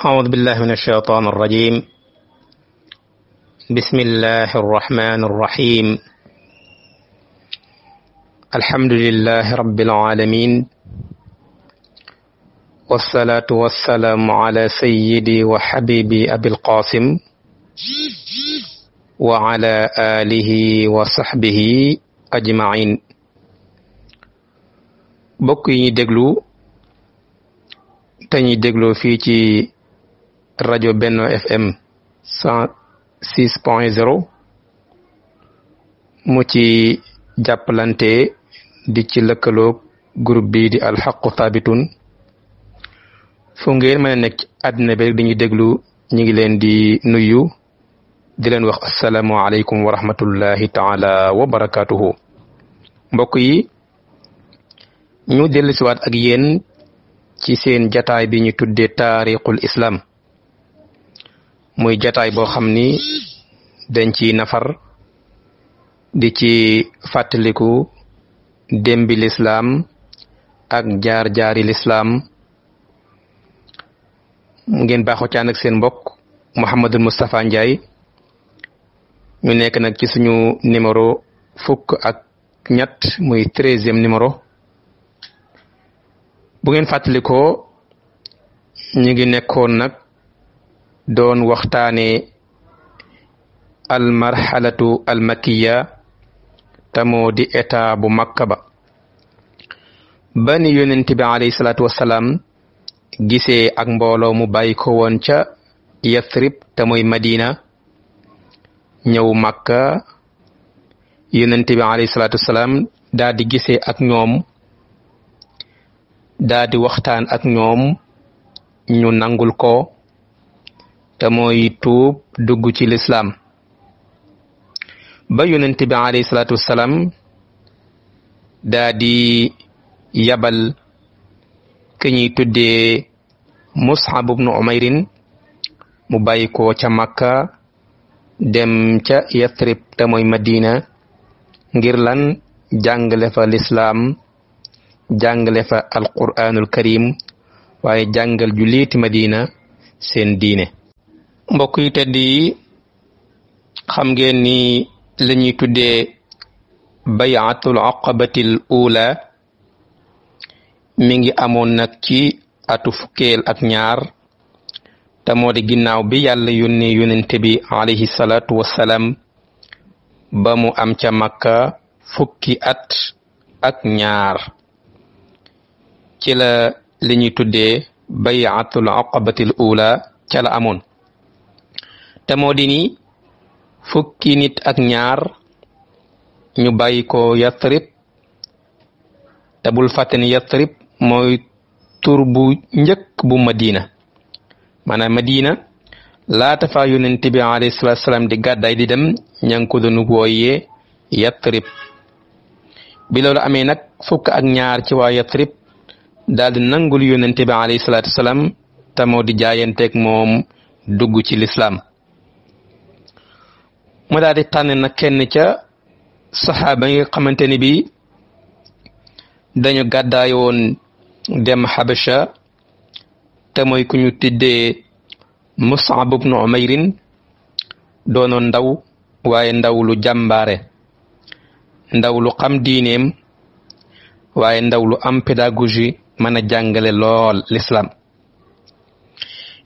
أعوذ بالله من الشيطان الرجيم بسم الله الرحمن الرحيم الحمد لله رب العالمين والصلاة والسلام على سيدي وحبيبي أبي القاسم وعلى آله وصحبه أجمعين بقي دقلو تاني دقلو فيتي rajo benn FM cent six point mu ci jàppalante di ci lëkkaloo groupe bi di alxaqu thabitun fu ngeen mën nekk àddina bi rek dañuy déglu ñu ngi leen di nuyu di leen wax asalaamualeykum wa rahmatullahi taala wa barakaatuhu mbokk yi ñu dellusiwaat ak yéen ci seen jataay bi ñu tuddee taarixul islam muy jataay boo xam ni dañ ci nafar di ci fàttaliku démbi lislaam ak jaar-jaari lislaam ngeen baaxoo caan ak seen mbokk Mouhamadul Moustapha Ndiaye ñu nekk nag ci suñu numéro fukk ak ñett muy treizième numéro bu ngeen fàttalikoo ñu ngi nekkoon nag doon waxtaane almarxalatu almakiya tamoo di état bu makka ba ba ni yonent bi salaatu wasalaam gisee ak mbooloo mu bàyyi ko woon ca yathrib madina ñëw makka yonent bi alayhi salaatu wasalaam daa di ak ñoom daa waxtaan ak ñoom ñu nangul ko te tuub dugg ci lislaam ba yonent bi alayhi salaatu wassalaam daa yabal ki ñuy tuddee Mus'ab Umayrin mu bàyyi ko ca Makka dem ca Yathrib te mooy Madina ngir lan jàngale fa lislaam jàngale fa alquraanul karim waaye jàngal ju liiti Madina seen diine mbokk yu tedd yi xam ngeen ni la ñuy tuddee bayatul aqabatil ula mi ngi amoon nag ci atu fukkeel ak ñaar te moo ginnaaw bi yàlla yónni yonente bi alayhi salaatu wassalaam ba mu am ca makka fukki at ak ñaar ci la li ñuy tuddee bayatul aqabatil ula ca la amoon te moo di ni fukki nit ak ñaar ñu bayiko ko yatrib te bul fatani yatrib mooy tur bu bu madina mana madina laata fa yunnati bi alayhi salatu wasallam di gaday di dem ñang ko dunu boye yatrib bi lolu amé nak fukk ak ñaar ci wa yatrib dal di nangul yunnati bi alayhi salatu salaam ta moo di jaayanteeg mom dugg ci l'islam mu daal di tànn na kenn ca saxaaba yi nga xamante ni bi dañu gàddaay woon dem Xabasha te mooy ku ñu tuddee Mus'ab ibnu Umayrin doonoon ndaw waaye ndaw lu jàmbaare ndaw lu xam diineem waaye ndaw lu am pédagogie mën a jàngale lool l'islam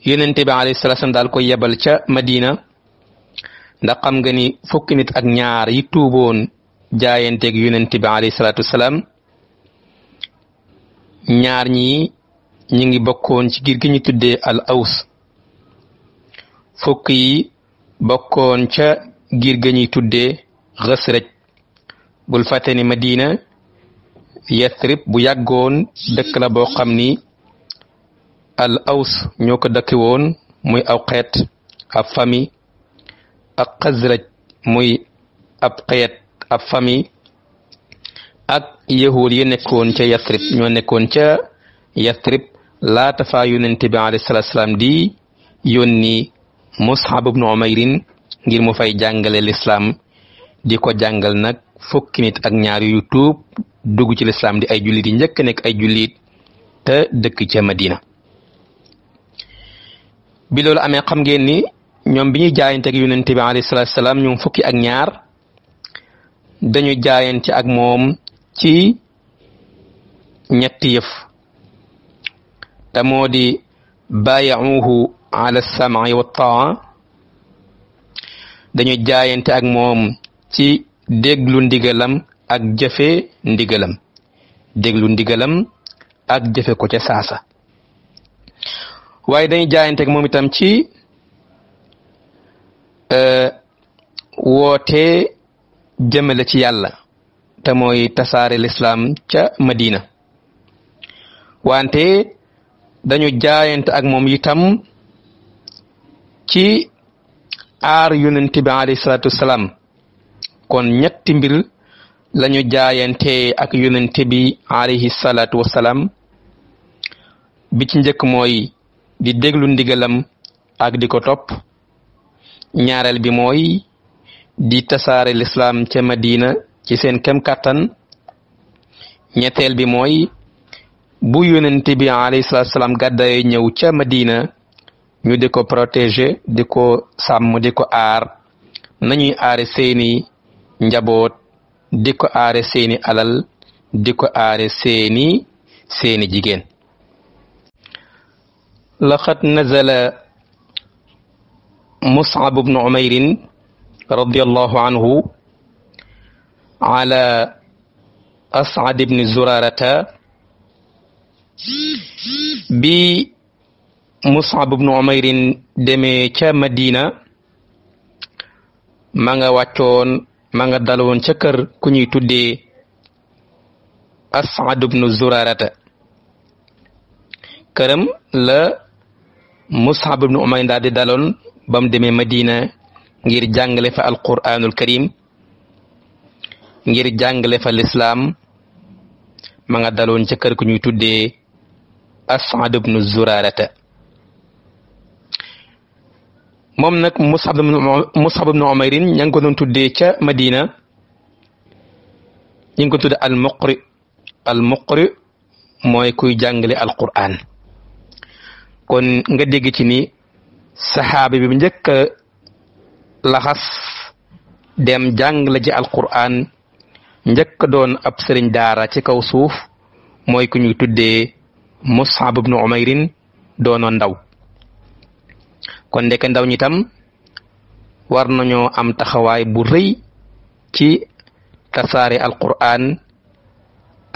yonente bi alayhi daal ko yebal ca Madina ndax xam nga ni fukki nit ak ñaar yi tuuboon jaayanteeg yonent bi alayhi salaatu wasalaam ñaar ñi ñu ngi bokkoon ci giir gi ñu tuddee al aws fukk yi bokkoon ca gir ga ñuy tuddee xasraj bul fàtte ni madina yathrib bu yàggoon dëkk la boo xam ni al aws ñoo ko dëkki woon muy aw xeet ab famille ak xasraj muy ab xeet ab famille ak yahud yi nekkoon ca yatrib ñoo nekkoon ca yatrib laata faa yonente bi alayhi salaatu salaam di yónni Mus'ab ibnu Umayrin ngir mu fay jàngale lislaam di ko jàngal nag fukki ak ñaar yu tuub dugg ci lislaam di ay jullit yi njëkk nekk ay jullit te dëkk ca Madina bi amee xam ngeen ñoom bi ñuy jaayanteeg yonent bi alayhi salaatu salaam ñoom fukki ak ñaar dañu jaayante ak moom ci ñetti yëf te moo di baayacuuhu ala samci wa taa dañu jaayante ak moom ci déglu ndigalam ak jëfe ndigalam déglu ndigalam ak jëfe ko ca saasa waaye dañu jaayante ak moom itam ci Euh, wootee jëmale ci yàlla te mooy tasaare lislaam ca Madina wante dañu jaayante ak moom itam ci aar yonent bi salaatu wasalaam kon ñetti mbir lañu jaayante ak yonent bi alayhi salaatu wasalaam bi ci njëkk mooy di déglu ndigalam ak di ko topp ñaareel bi mooy di tasaare lislaam ca Madina ci seen kem kàttan ñetteel bi mooy bu yonent bi alayhi salaatu salaam gàddaye ñëw ca Madina ñu di ko protéger di ko sàmm di ko aar nañuy aare seeni njaboot di ko aare seeni alal di ko aare seeni seeni jigéen مصعب بن عمير رضي الله عنه على أسعد بن زرارة bi Mus'ab ibn Umayr demee ca Madina ma nga wàccoon ma nga daloon ca kër ku ñuy tuddee As'ad ibn Zurarata këram la Mus'ab ibn Umayr daal di daloon ba mu demee Madina ngir jàngale fa alquranul karim ngir jàngale fa lislaam ma nga daloon ca kër ku ñuy tuddee Asad ibnu Zurarata moom nag Musab Musab ibnu Umayrin ña ngi ko doon tuddee ca Madina ñu ngi ko tuddee al muqri al muqri mooy kuy jàngale alquran kon nga dégg ci ni saxaabi bi njëkk laxas dem jàng la ji alquran njëkk doon ab sëriñ daara ci kaw suuf mooy ku ñuy tuddee musab ibnu umayrin doonoon ndaw kon ndeke ndaw ñi tam war nañoo am taxawaay bu rëy ci tasaare alquran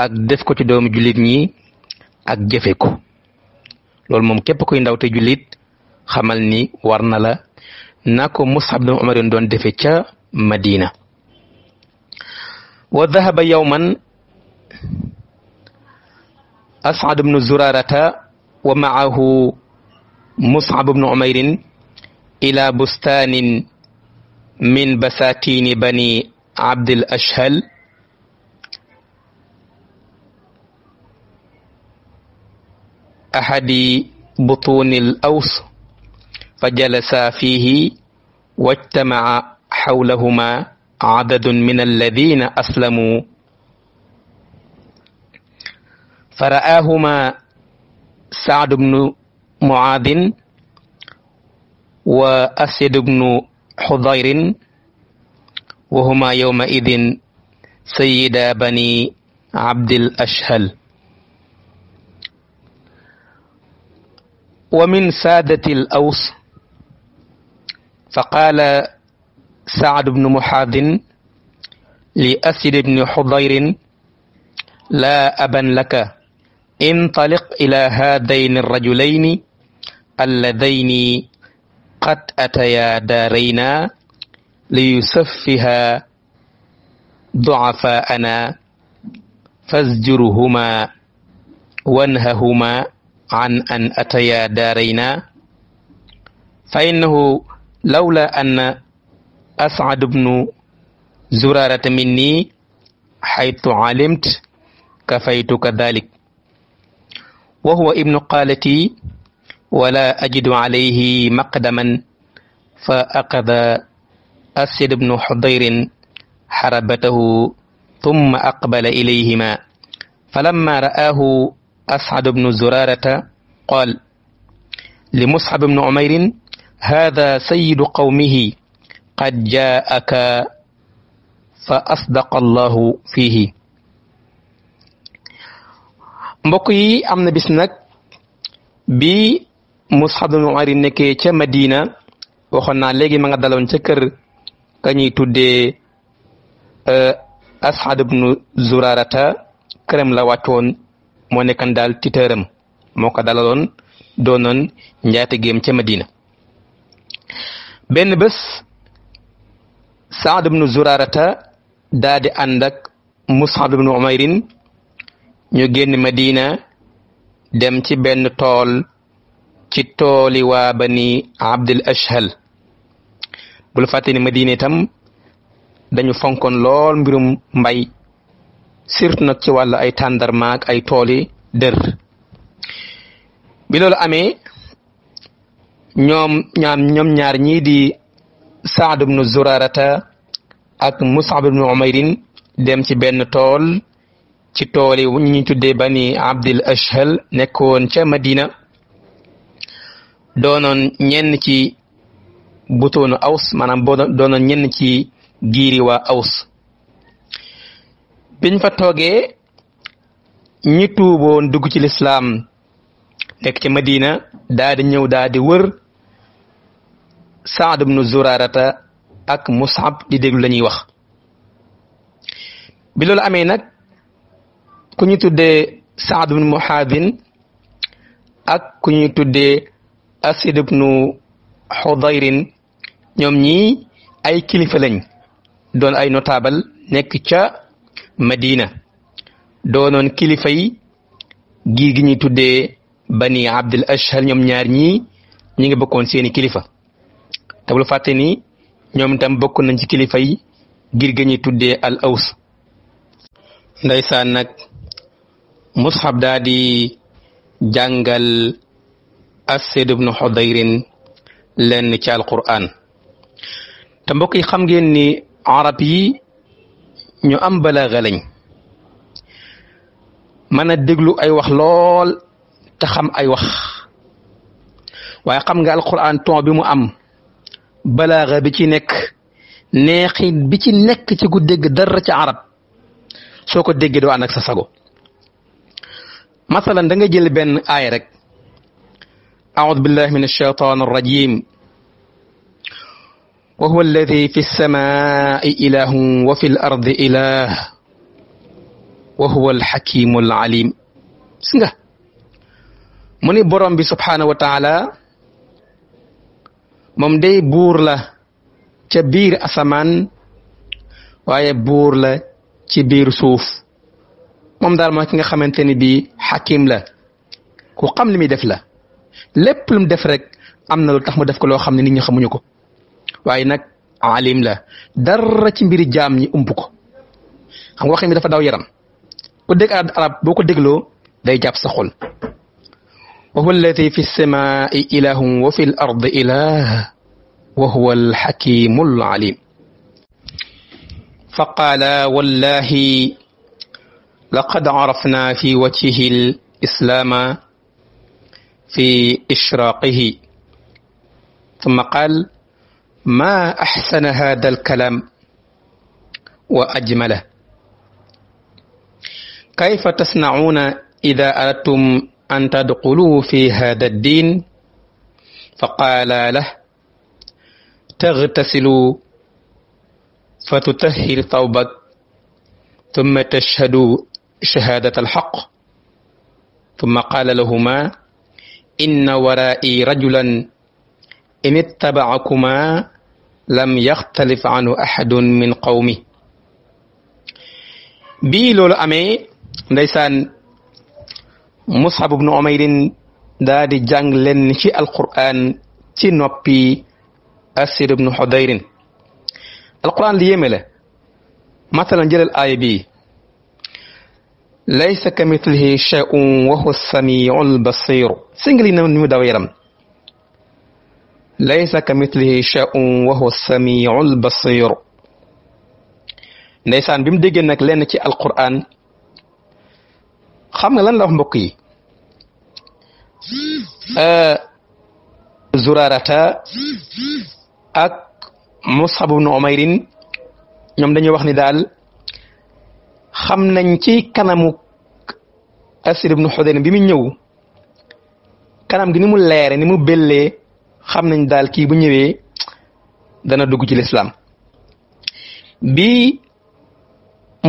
ak def ko ci doomu jullit ñi ak jëfe ko loolu moom képp kuy ndaw te jullit xamal ni war la nako musab bin umar don defe ca madina wa dhahaba yawman asad bnu zurarata wa maahu musab bnu umairin ila bustanin min basatin bani abdil ashhal أحد بطون الأوس فجلسا فيه واجتمع حولهما عدد من الذين أسلموا فرآهما سعد بن معاذ وأسد بن حضير وهما يومئذ سيدا بني عبد الأشهل ومن سادة الأوس فقال سعد بن محاذ لأسد بن حضير لا أبا لك انطلق إلى هذين الرجلين اللذين قد أتيا دارينا ليسفها ضعفاءنا فازجرهما وانههما عن أن أتيا دارينا فإنه لولا أن أسعد بن زرارة مني حيث علمت كفيتك ذلك وهو ابن قالتي ولا أجد عليه مقدما فأخذ أسد بن حضير حربته ثم أقبل إليهما فلما رآه أسعد بن زرارة قال لمصعب بن عمير هذا سيد قومه قد جاءك فأصدق الله فيه mbokk yi am na bis nag bi Mus'ab ibn Umayr nekkee ca Madina waxoon naa léegi ma nga daloon ca kër ka ñuy tuddee euh, As'ad ibn Zurarata këram la wàccoon moo nekkan daal titëram moo ko dalaloon doonoon njaatigéem ca Madina benn bés saad ibnu zurarata daa di ànd ak umayrin ñu génn madina dem ci benn tool ci tooli waa bani abdul ashhal bul fàtte ni dañu fonkoon lool mbirum mbay surtout nag ci wàllu ay tàndarmaak ay tooli dër bi amee ñoom ñaar ñii di saad bnu zurarata ak musab bnu umayrin dem ci benn tool ci tooli ñu tuddee bani abdil ashhal nekkoon ca madina doonoon ñenn ci butoonu aws maanaam doonoon ñenn ci giiri waa aws biñ fa toogee ñi tuuboon dugg ci lislaam nekk ci madina daa di ñëw daa di wër Saad ibnu Zuraarata ak Musab di déglu la wax biloolu amee nag ku ñu tuddee Saad ibnu Muhaadin ak ku ñu tuddee Asid ibnu Xudayrin ñoom ñi ay kilifa lañ doon ay notable nekk ca Madina doonoon kilifa gi gi ñuy tuddee bani Abdul Ashhal ñoom ñaar ñii ñi ngi bokkoon seeni kilifa te bul fàtte ni ñoom itam bokk nañ ci kilifa yi ngir ga ñuy tuddee al aws ndeysaan nag Mus'ab daa di jàngal Aseed Xudayrin lenn ci alquran te mbokk yi xam ngeen ni arab yi ñu am balaaga lañ mën a déglu ay wax lool te xam ay wax waaye xam nga alquran ton bi mu am balaaxa bi ci nekk neexit bi ci nekk ci ku dégg dara ci arab soo ko déggee doo ànd ak sa sago masalan da nga jël benn aay rek aoudu billahi min alshaitan arrajim wa huwa alladi fi lsamai ilahun wa fi l wa huwa alxakimu alalim si mu ni borom bi subhanahu wa taala mom day bour la ci bir asaman waye bour la ci bir souf mom dal ma ki nga xamanteni bi hakim la ku xam limi def la lépp lu mu def rek amna lu tax mu def ko lo xamni nit ñi xamuñu ko waye nak alim la dar ci mbiri jam ñi ump ko xam nga waxin bi dafa daw yaram ku deg arab boko deglo day jàpp sa xol وهو الذي في السماء إله وفي الأرض إله وهو الحكيم العليم فقال والله لقد عرفنا في وجهه الإسلام في إشراقه ثم قال ما أحسن هذا الكلام وأجمله كيف تصنعون إذا أردتم أن تدخلوا في هذا الدين فقال له تغتسلوا فتطهر ثوبك ثم تشهدوا شهادة الحق ثم قال لهما إن ورائي رجلا إن اتبعكما لم يختلف عنه أحد من قومه بيلو الأمي ليسان مصعب بن عمير دادي جانج لن شي القرآن شي نوبي أسير بن حضير القرآن ليملة مثلا جل الآية بي ليس كمثله شيء وهو السميع البصير سنجلي نمو دويرم ليس كمثله شيء وهو السميع البصير نيسان بيم ديغي القران خام لان لا مبوكي Eh, Zurarata ak Musab ibn Umayrin ñoom dañuy wax ni daal xam nañ ci kanamu Asir ibn Xudayn bi mu ñëw kanam gi ni mu leere ni mu bellee xam nañ daal kii bu ñëwee dana dugg ci lislaam bi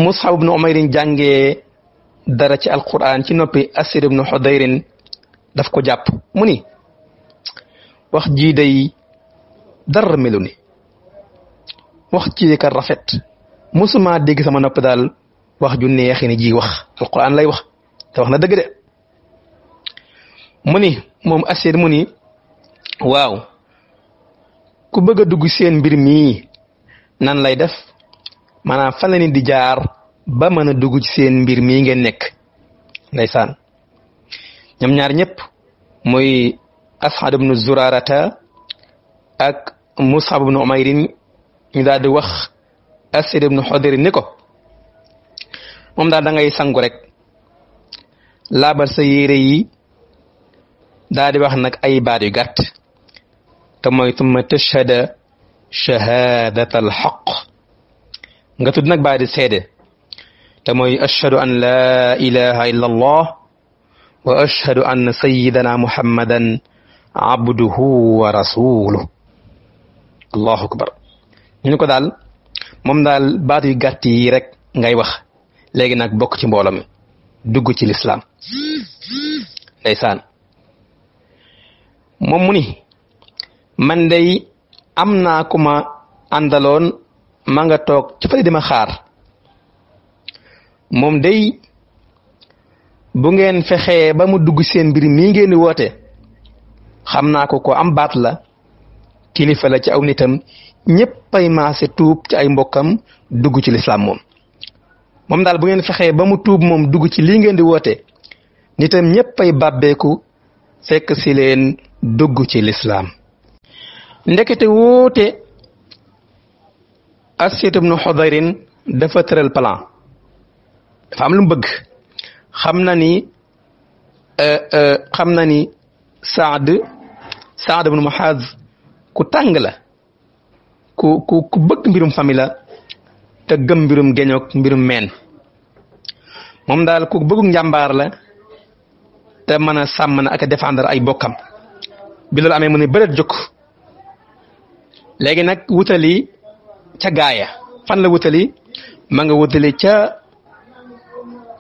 Musab ibn Umayrin jàngee dara ci alquran ci noppi Asir ibn Xudayrin daf ko japp muni wax ji day dar meluni wax ci ka rafet musuma deg sama nop dal wax ju neexi ni ji wax alquran lay wax te wax na deug de muni mom asir muni waw ku bëgg dugg seen mbir nan lay def manam fa la di jaar ba mën ci seen mbir mi ngeen nek ndaysan ñoom ñaar ñëpp muy As'ad ibnu Zurarata ak Mus'ab ibnu Umayrin ñu daal wax Asid ibnu Xodri ni ko moom daal ngay sangu rek labal sa yére yi daal wax nag ay baat yu gàtt te mooy tumma tashhada xaq nga tudd nag baat di seede te mooy ashhadu an laa ilaha wa ashhadu anna sayyidana muhammadan abduhu wa rasuluh allahu akbar ñu ne ko daal moom daal baat yu gàtt yi rek ngay wax léegi nag bokk ci mbooloo mi dugg ci lislaam ndeysaan moom mu ni man day am naa ku ma àndaloon ma nga toog ci xaar moom day bu ngeen fexee ba mu dugg seen mbir mii ngeen di woote xam naa ko ko am baat la kilifa la ci aw nitam ñëpp ay maase tuub ci ay mbokkam dugg ci li moom moom daal bu ngeen fexee ba mu tuub moom dugg ci lii ngeen di woote nitam ñëpp ay bàbbeeku fekk si leen dugg ci lislaam ndekete woote Asiit ibnu Xudayrin dafa tëral plan dafa lu bëgg xam na ni euh, euh, xam na ni Saad Saad ibn ku tàng la ku ku ku bëgg mbirum famille la te gëm mbirum géñoog mbirum meen moom daal ku bëggu njàmbaar la te mën a sàmm na ak a défendre ay bokkam bi loolu amee mu ne bëreet jóg léegi nag wutali ca gaaya fan la wutali ma nga wutali ca.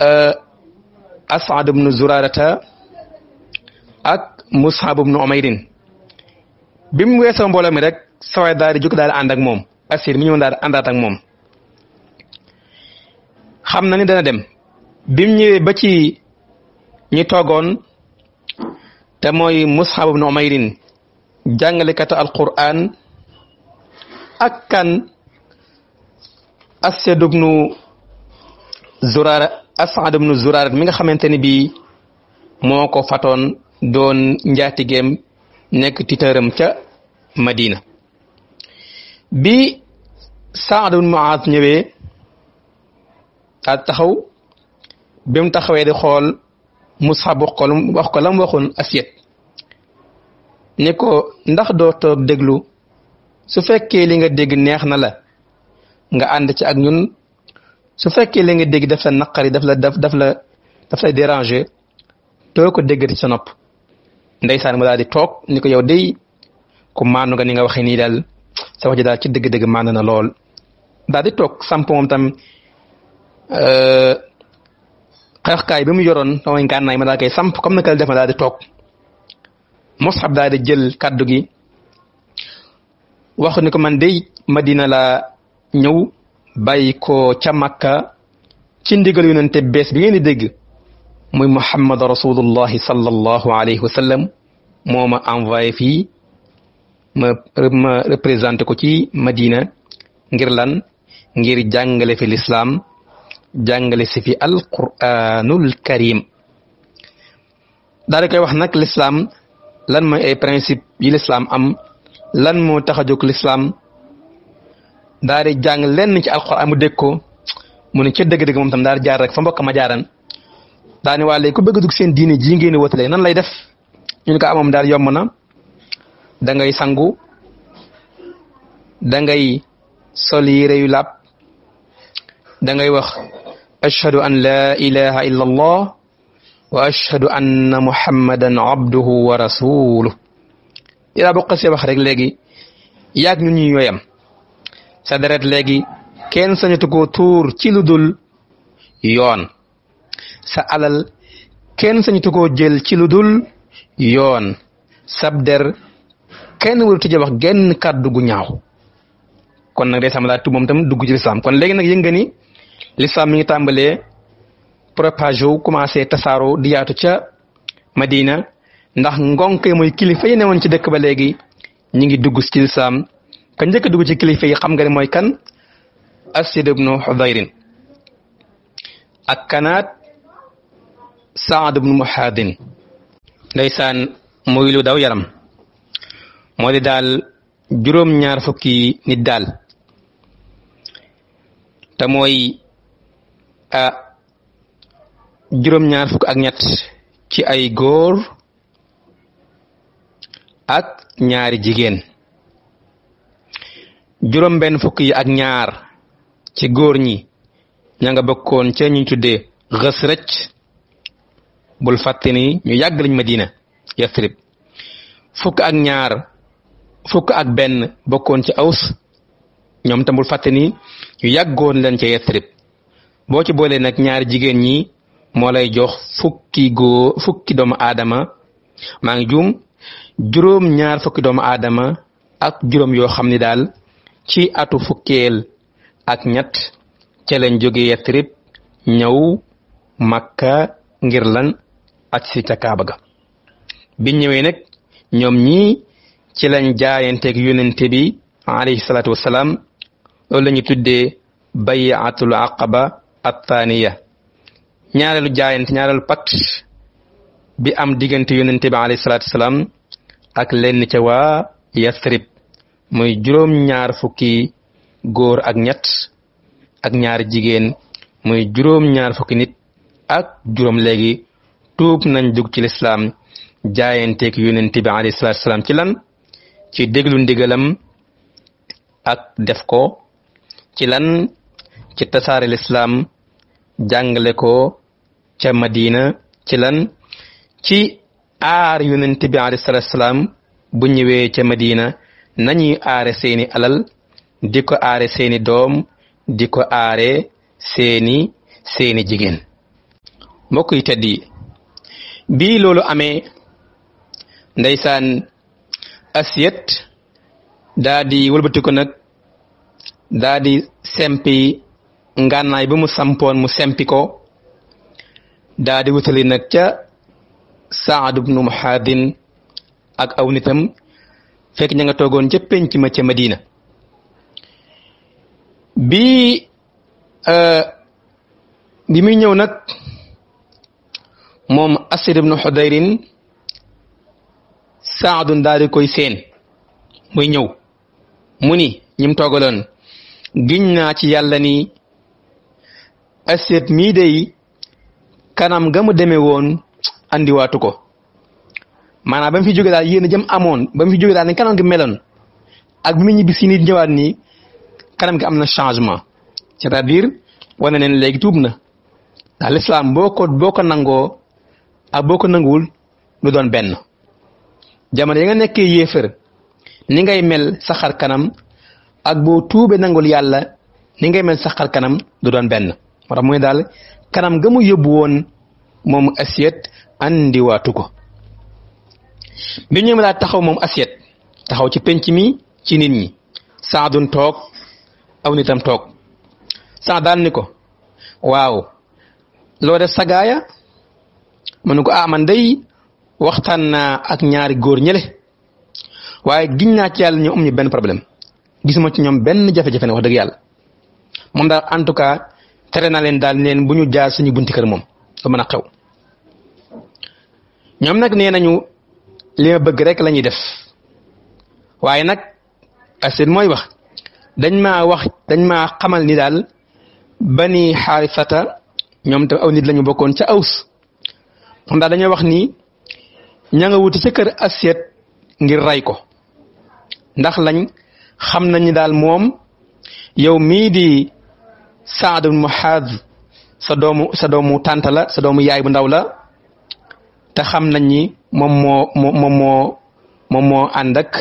Euh, Asad ibnu Zurarata ak Musab ibnu Umayrin bi mu weesoo mbooloo mi rek sawaay daal di jóg daal di ànd ak moom Asiir mi ñëw daal di àndaat ak moom xam na ni dana dem bi mu ñëwee ba ci ñi toogoon te mooy Musab ibnu Umayrin jàngalekatu Alqur'aan ak kan Asad nu Zurara As'ad ibnu Zuraar mi nga xamante ne bii moo ko fatoon doon njaatigeem nekk titëram ca Madina bi Saad ibnu Muaaz ñëwee daal taxaw bi mu taxawee di xool mu wax ko wax ko la mu waxoon Asyad ne ko ndax doo toog déglu su fekkee li nga dégg neex na la nga ànd ci ñun su fekkee li nga dégg daf la naqari daf la daf daf la daf la déranger doo ko déggati sa nopp ndeysaan mu daal di toog ni ko yow day ku maanu nga ni nga waxee nii daal sa wax daal ci dëgg-dëgg maanu na lool daal di toog samp moom tam euh, xeexkaay bi mu yoroon sama gànnaay ma daal koy samp comme na kal def ma daal di toog Mus'ab daal jël kàddu gi wax ni ko man day Madina la ñëw bayiko ko ca makka ci ndigal yonente bes bi ngeen dégg muy muhammad rasulullah sallallahu alayhi wasallam moma envoyé fi ma ma représenter ko ci madina ngir lan ngir jàngale fi l'islam jàngale ci fi alquranul karim daal koy wax nak l'islam lan moy ay principe yi l'islam am lan mo taxajuk l'islam Dari jang len ci alquran mu dekk ko mu ne ci deug deug mom tam dara jaar rek fa mbokk ma jaaran daani walé ku bëgg dugg seen diiné ji ngeen wotalé nan lay def ñu ko amam ah, yom na da ngay sangu da ngay sol yu lap da ngay wax ashhadu an la ilaha illallah. allah wa ashhadu anna muhammadan abduhu wa rasuluh Ira bokk see wax rek legi yaak ñun ñuy yoyam sa deret léegi kenn sañatu ko tour ci sa alal kenn sañatu ko jël ci lu dul yoon sab der kenn waru tëje wax genn kaddu gu ñaaw kon nak day sàmmalaat tu mom tam dugg ci l'islam kon legi nak yënga l'islam mi ngi tambalé propage wu commencé di yaatu ca madina ndax ngonkay moy kilifa yi ya newoon ci dekk ba legi ñi ngi dugg ci l'islam ka njëkk a dugg ci kilifa yi xam nga ne mooy kan asid ibnu xudayrin ak kanaat saad ibnu muhaadin ndeysaan muy lu daw yaram moo di daal juróom-ñaar fukki nit daal te mooy ah juróom-ñaar fukk ak ñett ci ay góor ak ñaari jigéen juróom benn fukk yi ak ñaar ci góor ñi ña nga bokkoon ca ñu tuddee Xasraj bul fàtte ni ñu yàgg lañ Madina Yasrib fukk ak ñaar fukk ak benn bokkoon ci Aws ñoom tam bul fàtte ni ñu yàggoon leen ca Yasrib boo ci boolee nag ñaari jigéen ñi moo lay jox fukki góor fukki doomu aadama maa ngi juum juróom ñaar fukki doomu aadama ak juróom yoo xam ni daal ci atu fukel ak ñett ci lañ joggé yatrib ñew makka ngir lan ak ci takaba ga bi ñewé nak ñom ñi ci lañ ak yoonenté bi alayhi salatu wassalam loolu la tuddé bay'atul aqaba at-thaniya ñaareelu jaayante ñaareelu pact bi am digënté yoonenté bi alayhi salatu wassalam ak lenn ci wa yasrib muy juróom ñaar fukki góor ak ñett ak ñaar jigéen muy juróom ñaar fukki nit ak juróom léegi tuub nañ dugg ci lislaam jaayanteeg yonent bi alayhi salaatu ci lan ci déglu ndigalam ak def ko ci lan ci tasaare lislaam jàngale ko ca Madina ci lan ci aar yonent bi alayhi salaatu bu ñëwee ca Madina nañuy aare seeni alal di ko aare seeni doom di ko aare seeni seeni jigéen mbokk yi tedd bii loolu amee ndeysaan asiyet daa di nag daa sempi ngànnaay bi mu sampoon mu sempiko ko daa nag ca saad ibnu muhaadin ak aw fekk ña nga toogoon ca penc ma ca Madina bi euh, bi muy ñëw nag moom Asir ibnu Xudayrin saadun daal di koy seen muy ñëw mu ni ñim toogaloon giñ naa ci yàlla ni Asir mii day kanam ga mu deme woon andiwaatu ko maanaam ba mu fi jóge daal yéen a jëm amoon ba mu fi jógee daal ne kanam gi meloon ak bi mu ñibbi si nii kanam gi am na changement c'est-à-dire wane neen léegi tuub na ndax lislaam boo ko boo ko nangoo a boo ko nanguwul lu doon benn jamono yi nga nekkee yéefër ni ngay mel saxaar kanam ak boo tuubee nangul yàlla ni ngay mel sa kanam du doon benn moo tax daal kanam ga mu yóbbu moom moom asiyet andiwaatu ko bi ñu laa taxaw moom assiette taxaw ci penc mi ci nit ñi saadun toog aw nitam toog saa daal ni ko waaw loo def sagaaya mu ne ko ah man waxtaan naa ak ñaari góor ñële waaye giñ naa ci yàlla ñoo am ñu benn problème gisuma ci ñoom benn jafe-jafe ne wax dëgg yàlla moom daal en tout cas tere na leen daal neen bu ñu jaar suñu bunti kër moom lu man a xew ñoom nag nee nañu li bëgg rek la def waaye nag asin mooy wax dañ ma wax dañ maa xamal ni daal bani xaarifata ñoom tam aw nit la bokkoon ca aws ndax dañoo wax ni ña nga wuti ca kër assiette ngir ray ko ndax lañ xam nañ ni daal moom yow mii di Saad ibn sa doomu sa doomu tànta la sa doomu yaay bu ndaw la te xam nañ ni moom moo moom moo moom moo ànd ak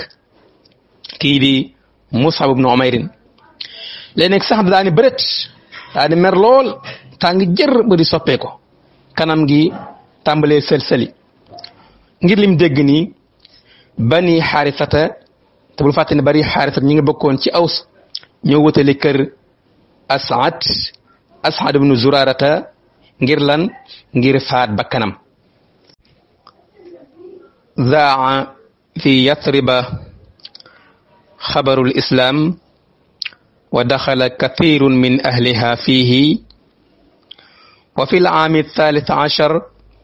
kii di Musab ibnu Umayrin léegi nag sax daa ni bërét mer lool tàng jër ba di soppee kanam gi tàmbalee sël ngir lim dégg nii bani xaarisata te bul fàtte bari xaarisata ñi ngi bokkoon ci aws ñoo wutali kër asad asad ibnu zurarata ngir lan ngir faat kanam ذاع في يثرب خبر الإسلام ودخل كثير من أهلها فيه وفي العام الثالث عشر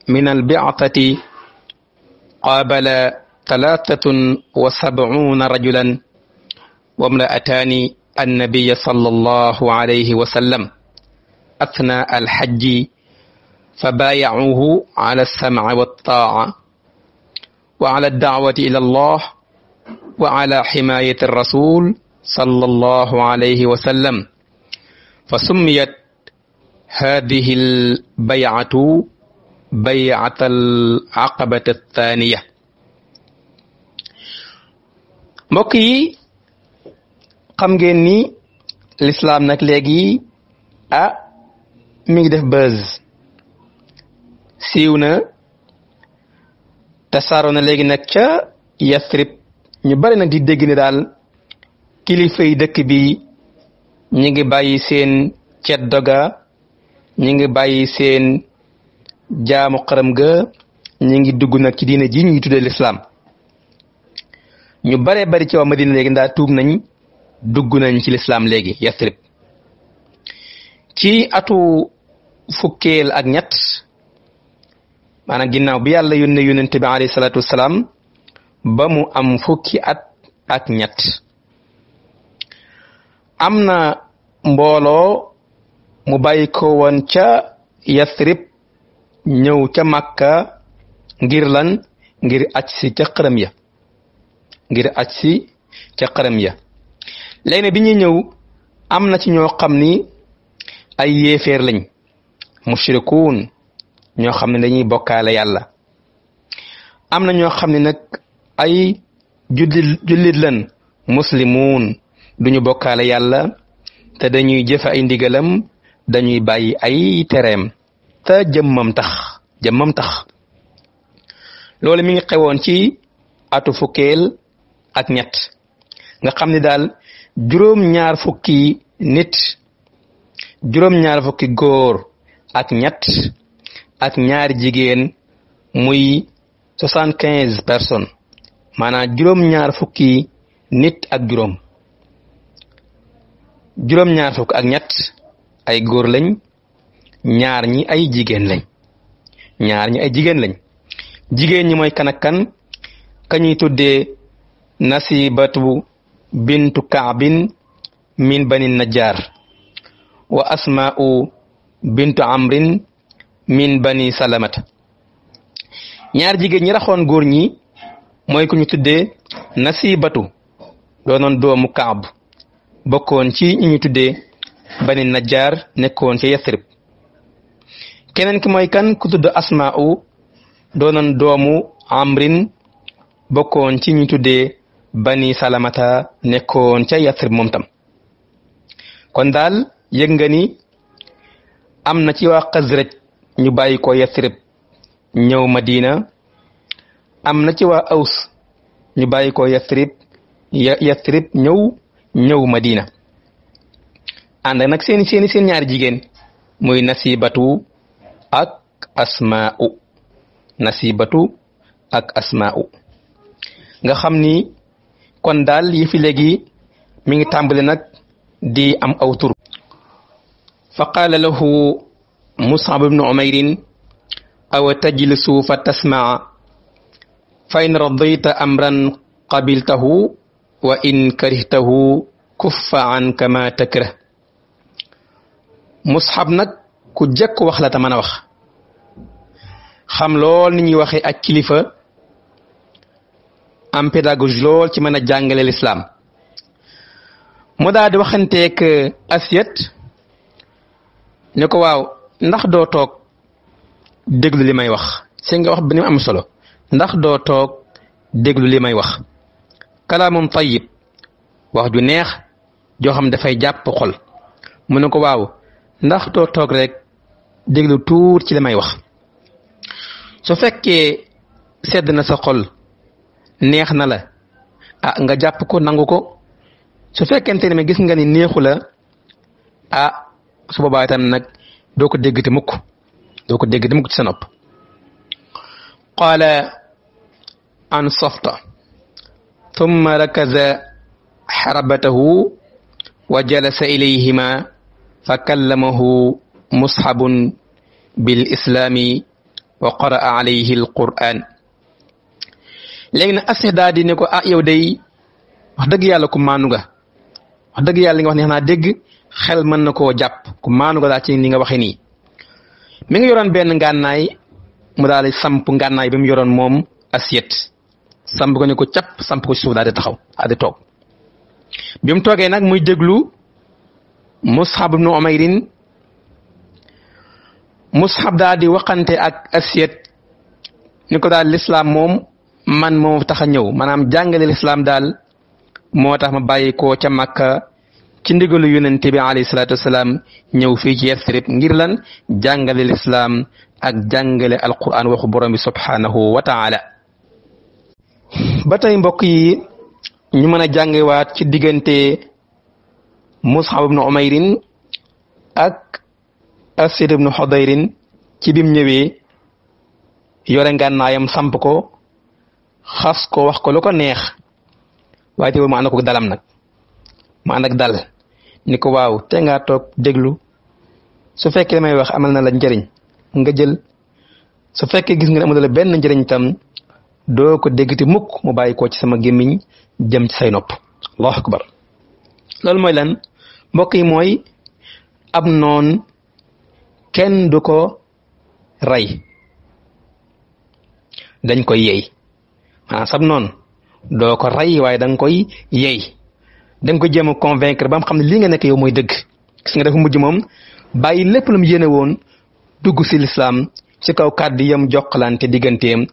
من البعثة قابل ثلاثة وسبعون رجلا وامرأتان النبي صلى الله عليه وسلم أثناء الحج فبايعوه على السمع والطاعة وعلى الدعوة إلى الله وعلى حماية الرسول صلى الله عليه وسلم فسميت هذه البيعة بيعة العقبة الثانية مكي قم جيني الإسلام نكليجي أ ميدف بز ah tasaaroo na léegi nag ca Yasrib ñu bari nag di dégg ni daal kilifay dëkk bi ñu ngi bàyyi seen ceet doga ñu ngi bàyyi seen jaamu xaram ga ñu ngi dugg nag ci diine ji ñuy tuddee lislaam ñu baree bari ci waa Madina léegi ndaa tuub nañ dugg nañ ci lislaam léegi Yasrib ci atu fukkeel ak ñett maanaam ginnaaw bi yàlla yónnee yónnente bi alayhi salaatu wasalaam ba mu am fukki at ak ñett am na mbooloo mu bàyyi ko woon ca yasrib ñëw ca màkka ngir lan ngir aj si ca xërëm ya ngir aj si ca xërëm ya léegi bi ñuy ñëw am na ci ñoo xam ni ay yéeféer lañ mushrikuun ñoo xam ne dañuy bokkaale yàlla am na ñoo xam ne nag ay jullit jullit lan duñu bokkaale yàlla te dañuy jëfa ay ndigalam dañuy bàyyi ay tereem te jëmmam tax jëmmam mi ngi xewoon ci atu fukkeel ak ñett nga xam ni daal juróom-ñaar fukki nit juróom-ñaar fukki góor ak ñett ak ñaari jigéen muy soixante quinze personnes maanaam juróom-ñaar fukki nit ak juróom juróom-ñaar fukk ak ñett ay góor lañ ñaar ñi ay jigéen lañ ñaar ñi ay jigéen lañ jigéen ñi mooy kanakan ak kan ka ñuy tuddee nasibatu bintu kaabin min bani najjar wa asmaa'u bintu amrin min bani salamata ñaar jigéen ñi raxoon góor ñi mooy ku ñu tuddee nasibatu doonoon doomu kaab bokkoon ci ñu ñu tuddee bani najjar nekkoon ci yasrib keneen ki mooy kan ku tudd asmaa'u doonoon doomu amrin bokkoon ci ñu tuddee bani salamata nekkoon ca yasrib moom tam kon daal yëg nga ni am na ci waa xasraj ñu bàyyi ko yasrib ñëw madina am na ci waa aws ñu bàyyi ko yasrib yasrib ñëw ñëw madina ànd nag seen seeni seen ñaari jigéen mooy nasibatu ak asmaa'u nasibatu ak asmaa'u nga xam ni kon daal yi fi léegi mi ngi tàmbali nag di am aw tur fa musab ibnu umayrin awa tajlisu fa tasmaa fa in radayta amran qabiltahu wa in karihtahu kuffa anka ma takrah musxab nag ku jëkk wax la te mën a wax xam lool ni ñuy waxee ak kilifa am pédagogie lool ci mën a jàngale lislaam mu daal di waxanteeg asiyat ne ko waaw ndax doo toog déglu li may wax seen nga wax ba ni mu am solo ndax doo toog déglu li may wax kalaamun tayyib wax ju neex joo xam dafay jàpp xol mu ne ko waaw ndax doo toog rek déglu tuur ci li may wax su fekkee sedd na sa xol neex na la a ah, nga jàpp ko nangu ko su fekkente ma gis nga ni neexu la ah su boobaa itam nag دوك ديغت مكو دوك ديغت مكو تسنب قال عن صفطة ثم ركز حربته وجلس إليهما فكلمه مصحب بالإسلام وقرأ عليه القرآن لكن أسهد دي نيكو أعيو دي وحدق يالكم ما نوغا وحدق يالكم وحدق يالكم xel mën na koo jàpp ku maanu ko daal ci li nga waxee nii mi ngi yoroon benn ngànnaay mu daal di samp ngànnaay bi mu yoroon moom assiette samp ko ko cap samp ko ci suuf daal taxaw daal di bi mu toogee nag muy déglu Mus'ab ibnu Umayrin Mus'ab daal ak assiette ni ko daal lislaam moom man moom tax a ñëw maanaam jàngale lislaam daal moo tax ma bàyyi koo ca Makka ci ndigalu yonente bi alayhi salaatu wasalaam ñëw fii ci Yasrib ngir lan jàngale lislaam ak jàngale alquran waxu borom bi subhaanahu wa taala ba tey mbokk yi ñu mën a jàngewaat ci diggante Mus'ab ibnu Umayrin ak Asid ibnu Xudayrin ci bim ñëwee yore ngànnaayam samp ko xas ko wax ko lu ko neex waaye teewul mu ànd ko dalam nag mu ànd ak ni ko waaw te toog déglu su fekkee may wax amal na la njariñ nga jël su fekkee gis nga ne amul la benn njëriñ tam doo ko déggati mukk mu bàyyi koo ci sama gémmiñ jëm ci say nopp allahu akbar loolu mooy lan mbokk yi mooy am noon kenn du ko rey dañ koy yey maanaam sab noon doo ko rey waaye danga koy yey danga nga ko jéem a convaincre ba mu xam ne li nga nekk yow moy dëgg gis nga dafa mujj moom bàyyi lépp lu mu woon dugg si lislaam ci kaw kàddu yam jokkalante digganteem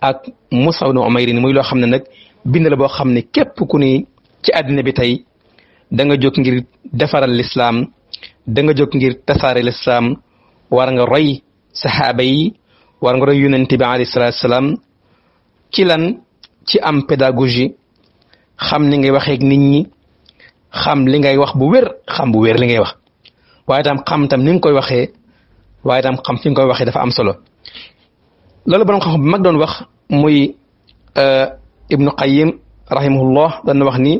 ak Mus'ab ibn Umayr moy loo xam ne nag bind la boo xam ne képp ku ni ci àddina bi tey da nga jóg ngir defaral lislaam danga nga jóg ngir tasaare lislaam war nga roy saxaaba yi war nga roy yonente bi alayhi salaatu salaam ci lan ci am pédagogie xam ni ngay waxeek nit ñi xam li ngay wax bu wér xam bu weer li ngay wax waaye tam xam tam ni nga koy waxee waaye tam xam fi nga koy waxee dafa am solo loolu borom xam mag doon wax muy eh, ibnu qayim rahimahullah dana wax ni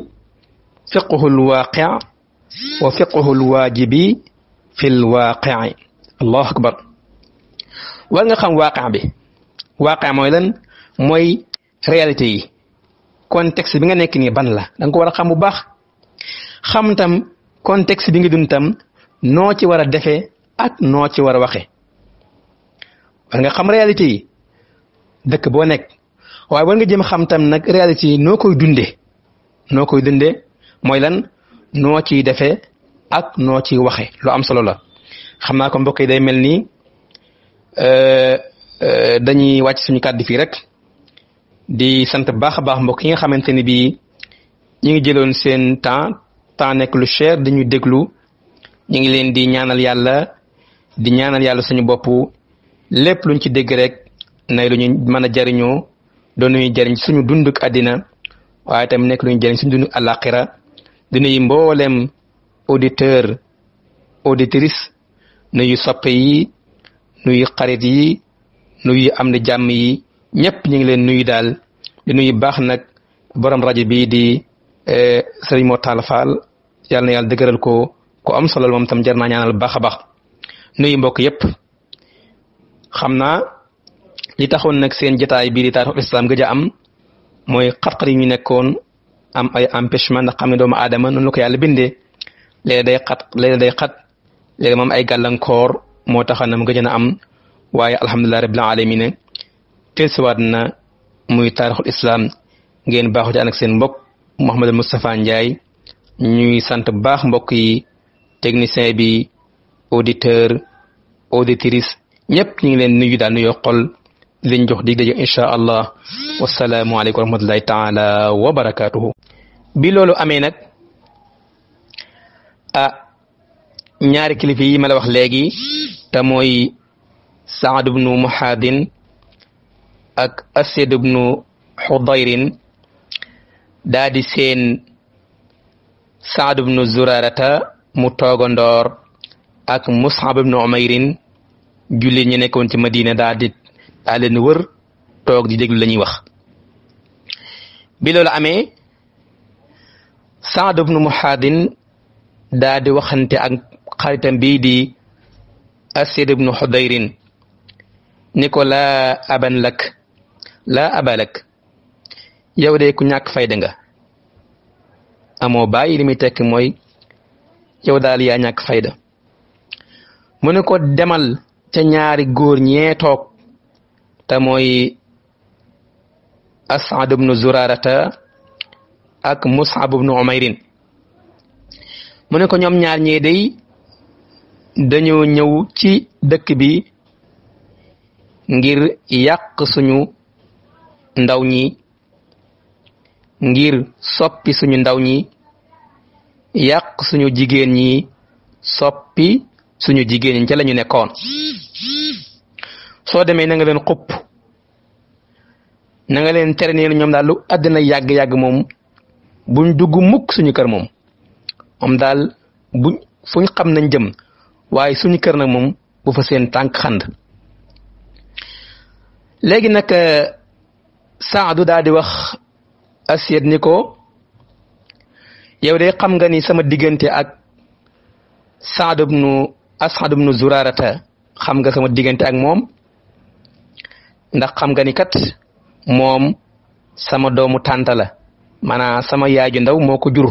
fiqhul waaqi wa fiqhul waajibi fil waaqi allahu akbar war nga xam waaqi bi waaqi mooy lan mooy réalité yi contexte bi nga nekk nii ban la da nga ko war baax xam tam contexte bi nga dund tam noo ci war a defee ak noo ci war a waxee war nga xam réalité yi dëkk boo nekk waaye war nga jëm xam tam nag réalité yi noo koy dundee noo koy dundee mooy lan noo ciy defee ak noo ciy waxee lu am solo la xam naa ko mbokk yi day mel nii euh, euh, dañuy wàcc suñu kàddu fii rek di sant baax a baax mbokk yi nga xamante ni bii ñu ngi jëloon seen temps temps nekk lu cher dañuy déglu ñu ngi leen di ñaanal yàlla di ñaanal yàlla suñu bopp lépp luñ ci dégg rekk nay lu ñu mën a jariñoo doon nañu jariñ suñu dunduk àddina waaye tamit nekk lu ñu jariñ suñu dunduk àllaaxira di nuyu mboolem auditeur auditrice nuyu soppe yi nuyu xarit yi nuyu am na jàmm yi ñëpp ñu ngi leen nuyu daal di nuyu baax nag borom rajo bii di eh, Serigne Mor Talla Fall yàlla na yàlla dëgëral ko ku am solo moom tam jar naa ñaanal baax a baax mbokk yépp xam naa li taxoon nag seen jotaay bii di taarixul islam gëj am mooy xat-xat yi ñu nekkoon am ay empêchement ndax xam ne doomu aadama noonu la ko yàlla bindee léegi day xat léegi day xat léegi moom ay gàllankoor moo taxoon na mu gëj na am waaye alhamdulilah rabbil alamin teesiwaat na muy taarixul islam ngeen baaxu ci ànd seen mbokk Mouhamadou Moustapha Ndiaye. ñuy sant baax mbokk yi technicien bi auditeur auditrice ñëpp ñu ngi leen nuyu daal nuyoo xol liñ jox dig daje incha allah wasalaamualeykum wa rahmatullahi taala wa barakaatuhu. bi loolu amee nag ah ñaari kilifa yi ma wax léegi te mooy Saad bnu Muhaadin ak Ased bnu Xudayrin daa di seen. saad ibnu zurarata mu toogandoor ak musab ibnu umayrin julli ñi nekkoon ci madina daal di daal leen wër toog di déglu la wax bi amee saad ibnu muhaadin waxante ak xaritam bii di asid ibnu xudayrin ni ko laa aban lak laa abalak yow de ku ñàkk fayda nga amoo bàyyi li muy tekki mooy yow daal yaa ñàkk fayda mu ne ko demal ca ñaari góor ñee toog te mooy asad ibnu zurarata ak musab ibnu umayrin mu ne ko ñoom ñaar ñee dañoo ñëw ci dëkk bi ngir yàq suñu ndaw ñi ngir soppi suñu ndaw ñi yàq suñu jigéen ñi soppi suñu jigéen ñi ca la ñu nekkoon soo demee na nga leen xupp na nga leen tere ne ñoom daal lu àddina yàgg-yàgg moom buñ dugg mukk suñu kër moom moom daal buñ fuñ xam nañ jëm waaye suñu kër nag moom bu fa seen tànk xand léegi nag saadu daal wax Asyad ni ko yow de xam nga ni sama diggante ak Saad ibnu Asad nu Zurarata xam nga sama diggante ak moom ndax xam nga ni kat moom sama doomu tànta la maanaam sama yaay ju ndaw moo ko jur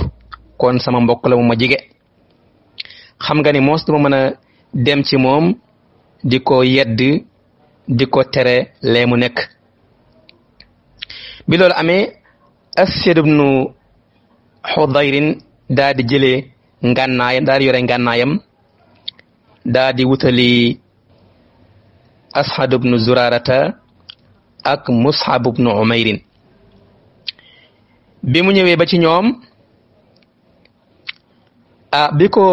kon sama mbokk la mu ma xam nga ni moos duma mën a dem ci moom di ko yedd di ko tere lee mu nekk bi loolu amee Asyad ibnu Xudayrin daa di jëlee ngànnaayam daa di yore wutali Asxad ibnu Zurarata ak Musxab ibnu Umayrin bi mu ñëwee ba ci ñoom ah bi ko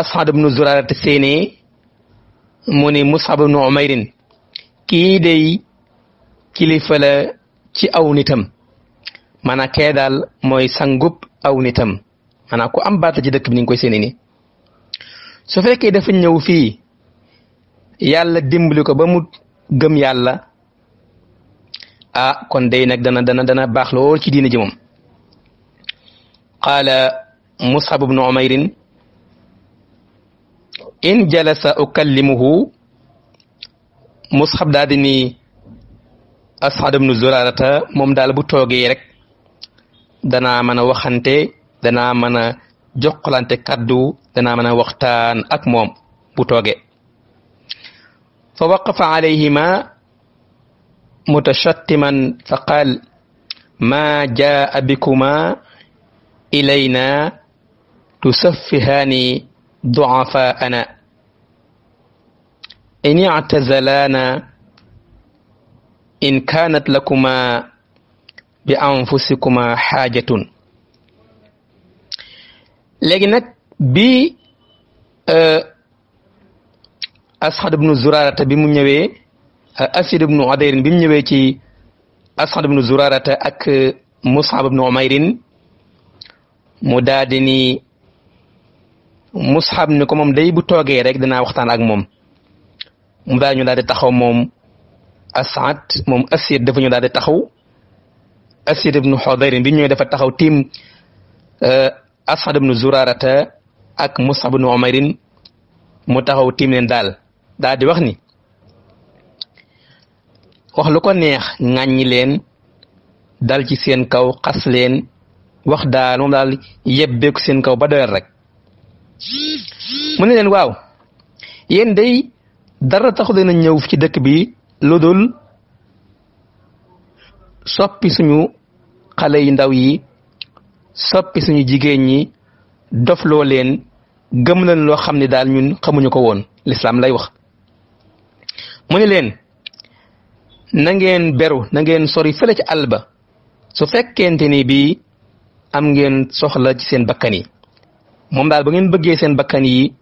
Asxad ibnu Zurarata séenee mu ni Musxab Umayrin kii day kilifa ci aw nitam maanaam kee daal mooy sangub aw nitam maanaam ku am baat la ci dëkk ni nga koy seeni ni su fekkee dafa ñëw fii yàlla dimbali ko ba mu gëm yàlla ah kon day nag dana dana dana baax lool ci diina ji moom qaala mus'ab ibnu umayrin in jalasa ukallimuhu mus'ab daal ni Asad ibnu Zurarata moom daal bu toogee rek danaa mën a waxante danaa mën a jokkalante kaddu dana mën a waxtaan ak moom bu toogee fa waqafa alayhima mutashattiman fa ma jaa bikuma ilayna tusaffihaani duafaana in ictazalaana in kaanat lakuma bi anfusikuma xaajatun léegi nag bi euh, asxad ibnu zurarata bi mu ñëwee euh, asid ibnu odayrin bi mu ñëwee ci asxad ibnu zurarata ak euh, musab ibnu umayrin mu daal di ni musab ni ko moom day bu toogee rek danaa waxtaan ak moom mu daal ñu moom asaat moom Asiid dafa ñu daal di taxaw Asiid ibnu Xudayr bi ñëwee dafa taxaw tiim euh, Asad ibnu Zuraarata ak Musab ibnu Umayrin mu taxaw tiim leen daal daal di wax ni wax lu ko neex ŋàññi leen dal ci seen kaw xas leen wax daal moom daal yebbeeku seen kaw ba doyal rek mu ne leen waaw yéen day dara taxu leen a ñëw ci dëkk bi lu dul soppi suñu xale yu ndaw yi soppi suñu jigéen ñi dof loo leen gëm leen loo xam ne daal ñun xamuñu ko woon lislaam lay wax mu ne leen na ngeen beru na ngeen sori fële ci àll ba su fekkente ni bii am ngeen soxla ci seen bakkan yi moom daal ba ngeen bëggee seen bakkan yi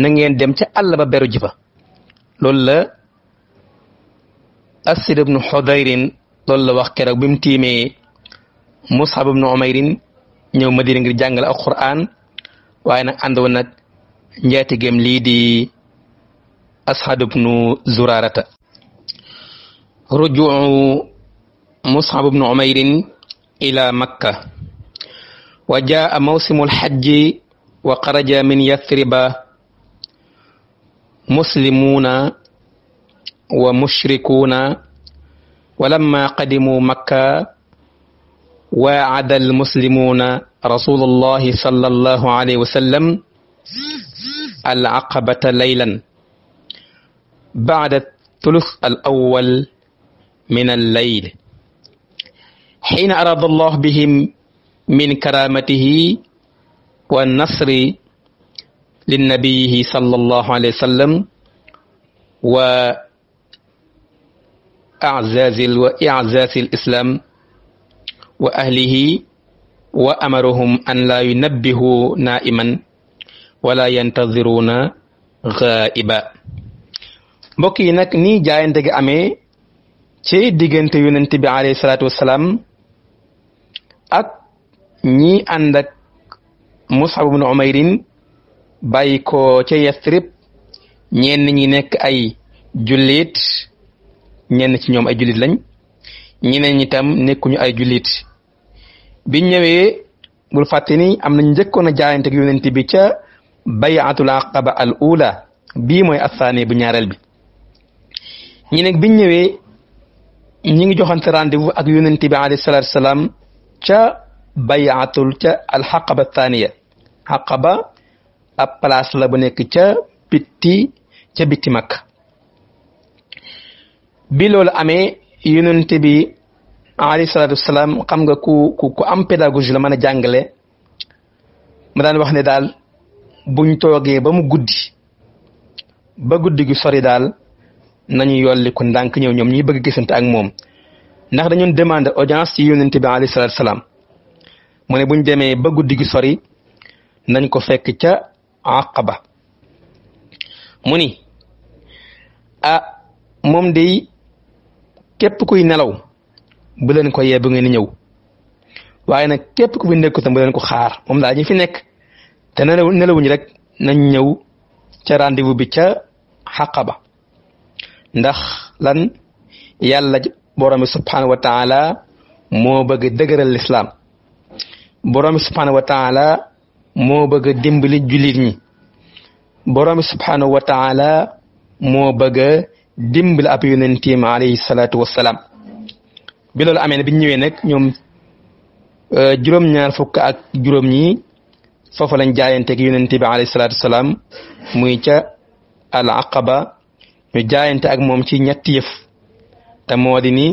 na ngeen dem ca àll ba beru ji fa loolu la أسير بن حضير لولا وقت رب بمتيمي مصحب بن عمير نيو مدير نجري جانجل القرآن وانا عندونا نياتي جم ليدي أسحاد بن زرارة رجوع مصعب بن عمير إلى مكة وجاء موسم الحج وخرج من يثرب مسلمون ومشركون ولما قدموا مكة واعد المسلمون رسول الله صلى الله عليه وسلم العقبة ليلا بعد الثلث الأول من الليل حين أراد الله بهم من كرامته والنصر للنبي صلى الله عليه وسلم و azazil wa i'zazil islam wa ahlihi wa amarahum an la yunabbihu naiman wala yantaziruna ghaiba mbokk yi nag nii jaayante ame amee ci diggante yonent bi alayhi salaatu wassalaam ak ñi ànd ak Mus'ab ibn Umayrin ko ca Yastrib ñenn nekk ay jullit ñenn ci ñoom ay jullit lañ ñeneen ñi tam nekkuñu ay jullit biñ ñëwee bul fàtte ni am nañ njëkkoon a jaayante ak yonent bi ca bayatul aqaba al ula bii mooy asaani bu ñaareel bi ñi nag biñ ñëwee ñi ngi joxante rendez-vous ak yonent bi alayhi salaatu salaam ca bayatul ca alxaqaba thaniya xaqaba ab place la bu nekk ca bitti ca bitti bi loolu amee yonent bi alayhi salaam xam nga ku ku ku am pédagogie la mën a jàngale ma daan wax ne daal buñ toogee ba mu guddi ba guddi gi sori daal nañu yolli ku ndànk ñëw ñoom ñuy bëgg gisante ak moom ndax dañoon demander audience ci yonent bi alayhi salaam mu ne buñ demee ba guddi gi sori nañ ko fekk ca Aqaba mu ni ah moom day képp kuy nelaw bu leen ko yee ba ngeen ñëw waaye nag képp ku fi nekku tam bu ko xaar moom daal ñu fi nekk te nelaw nelawuñu rek nañ ñëw ca rendez bi ca xaqaba ndax lan yàlla borom bi subhanahu wa taala moo bëgg dëgëral lislaam borom bi subhanahu wa taala moo bëgg dimbali jullit ñi borom bi subhanahu moo bëgg dimbal ab yonenteem alayhi salaatu wassalaam bi loolu amee ne bi ñëwee nekk ñoom euh, juróom-ñaar fukk ak juróom ñi foofa lañ jaayanteeg yonente bi alayhi salaatu muy ca al aqaba ñu jaayante ak moom ci ñetti yëf te moo di ni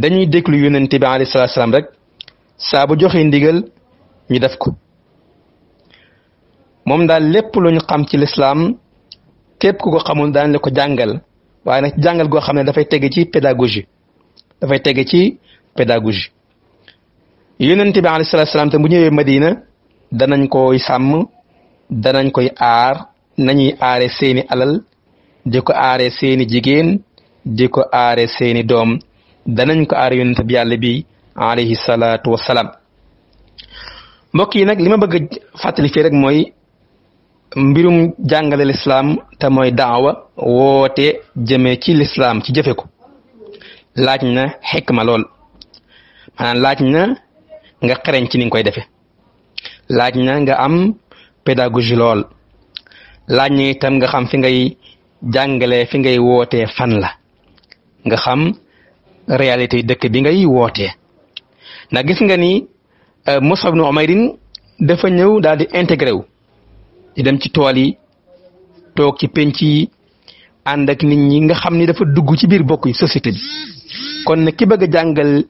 dañuy déglu yonente bi alayhi salaatu wassalaam rek saa bu joxee ndigal ñu def ko moom daal lépp lu xam ci lislaam képp ku ko xamul daañu la ko jàngal waaye nag jàngal goo xam ne dafay tege ci pédagogie dafay tege ci pédagogie yonent bi alayhi salaatu salaam te bu ñëwee Madina danañ koy sàmm danañ koy aar nañuy aare seeni alal di ko aare seeni jigéen di ko aare seeni doom danañ ko aar yonent bi yàlla bi alayhi salaatu wasalaam mbokk yi nag li rek mooy mbirum jàngale lislaam te mooy daawa woote jëmee ci lislaam ci jëfe ko laaj na ma lool maanaam laaj na nga xereñ ci ni nga koy defee laaj na nga am pédagogie lool laaj na itam nga xam fi ngay jàngale fi ngay wootee fan la nga xam réalité dëkk bi ngay woote ndax gis nga ni euh, Musab ibn Umayr dafa ñëw daal di intégré wu di dem ci tool yi toog ci penc yi ànd ak nit ñi nga xam ni dafa dugg ci biir bokk yi société bi kon nag ki bëgg jàngal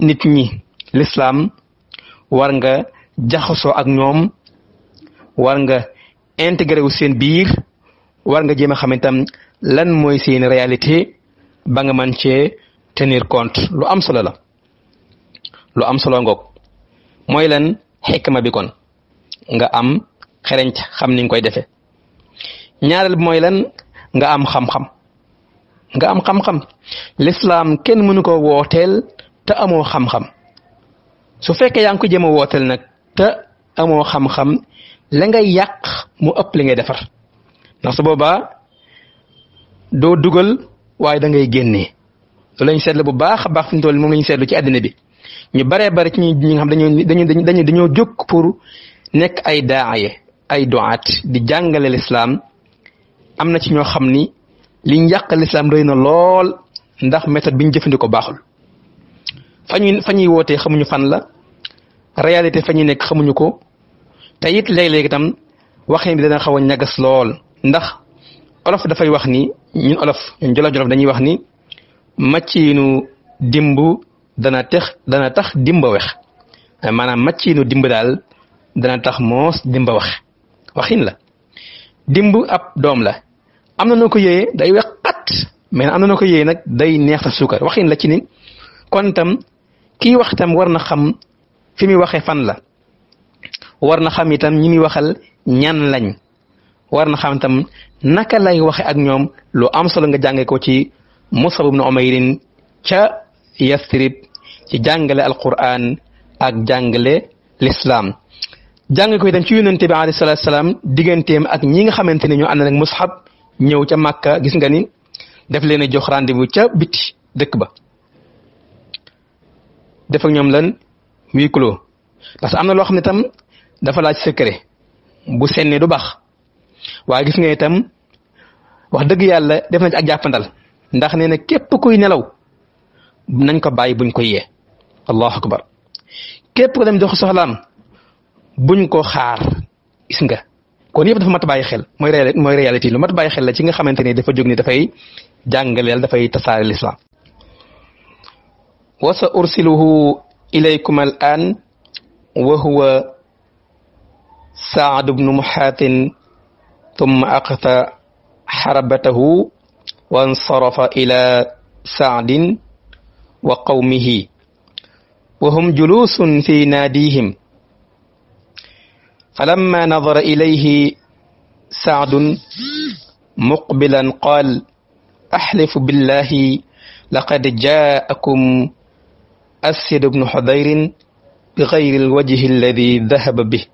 nit ñi lislam war nga jaxasoo ak ñoom war nga intégré wu seen biir war nga jéem a xam itam lan mooy seen réalité ba nga mën cee tenir compte lu am solo la lu am solo ngoog mooy lan xikma bi kon nga am xereñc xam ni koy defee ñaareel bi mooy lan nga am xam-xam nga am xam-xam lislaam kenn mënu ko wooteel te amoo xam-xam su fekkee yaa ngi ko jëm a wooteel nag te amoo xam-xam la ngay yàq mu ëpp li ngay defar ndax su boobaa doo dugal waaye da ngay génnee loolu lañ seetlu bu baax a baax fi mu toll moom la ñu seetlu ci àddina bi ñu baree bari ci ñi nga pour nekk ay daaye ay duwaat di jàngale lislaam am na ci ñoo xam ni liñ yàq lislaam rëy na lool ndax méthode bi ñu jëfandikoo baaxul fa ñuy fa wootee xamuñu fan la réalité fa ñuy nekk xamuñu ko te it léeg-léeg itam waxin bi dana xaw a ñagas lool ndax olof dafay wax ni ñun olof ñun jolof-jolof dañuy wax ni macciinu dimb dana tex dana tax dimba weex maanaam macciinu dimb daal dana tax moos dimba wax waxin la dimb ab doom la am na noo ko yéeyee day wex xat am na noo ko yéeyee nag day neex ta suukar waxin la ci ni kon tam kii wax tam war na xam fi muy waxee fan la war na xam itam ñi muy waxal ñan lañ war na xam tam naka lay waxe ak ñoom lu am solo nga jànge ko ci Musab ibn Umayrin ca Yastrib ci jàngale Alqur'an ak jàngale lislaam jàng ko itam ci yonente bi alayhi salaatu salaam digganteem ak ñi nga xamante ne ñoo ànd nag mushab ñëw ca Màkka gis nga ni def leen a jox rendez ca biti dëkk ba def ak ñoom lan huis clos parce que am na loo xam ne tam dafa laaj secret bu senne du baax waaye gis nga itam wax dëgg yàlla def na ak jàppandal ndax nee na képp koy nelaw nañ ko bàyyi buñ koy yee allahu akbar képp ko dem jox soxlaam buñ ko xaar gis nga kon yëpp dafa mat bàyyi xel mooy réalité mooy réalité lu mat bàyyi xel la ci nga xamante ni dafa jóg ni dafay jàngaleel dafay tasaare lislaam wa sa ursiluhu ilaykum al an wa huwa saad bnu muxaatin ثم أقثى حربته وانصرف إلى سعد وقومه وهم جلوس في ناديهم فلما نظر إليه سعد مقبلا قال أحلف بالله لقد جاءكم أسد بن حذير بغير الوجه الذي ذهب به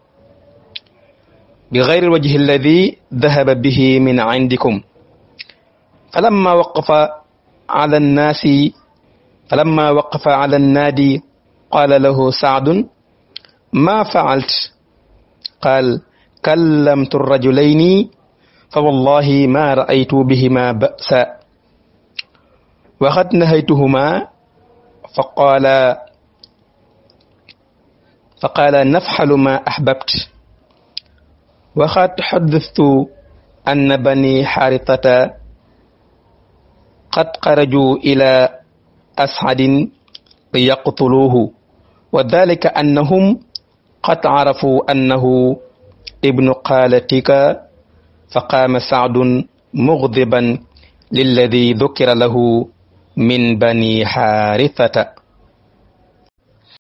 بغير الوجه الذي ذهب به من عندكم فلما وقف على الناس فلما وقف على النادي قال له سعد ما فعلت قال كلمت الرجلين فوالله ما رأيت بهما بأسا وقد نهيتهما فقال فقال نفعل ما أحببت وقد حدثت أن بني حارثة قد خرجوا إلى أسعد ليقتلوه وذلك أنهم قد عرفوا أنه ابن قالتك فقام سعد مغضبا للذي ذكر له من بني حارثة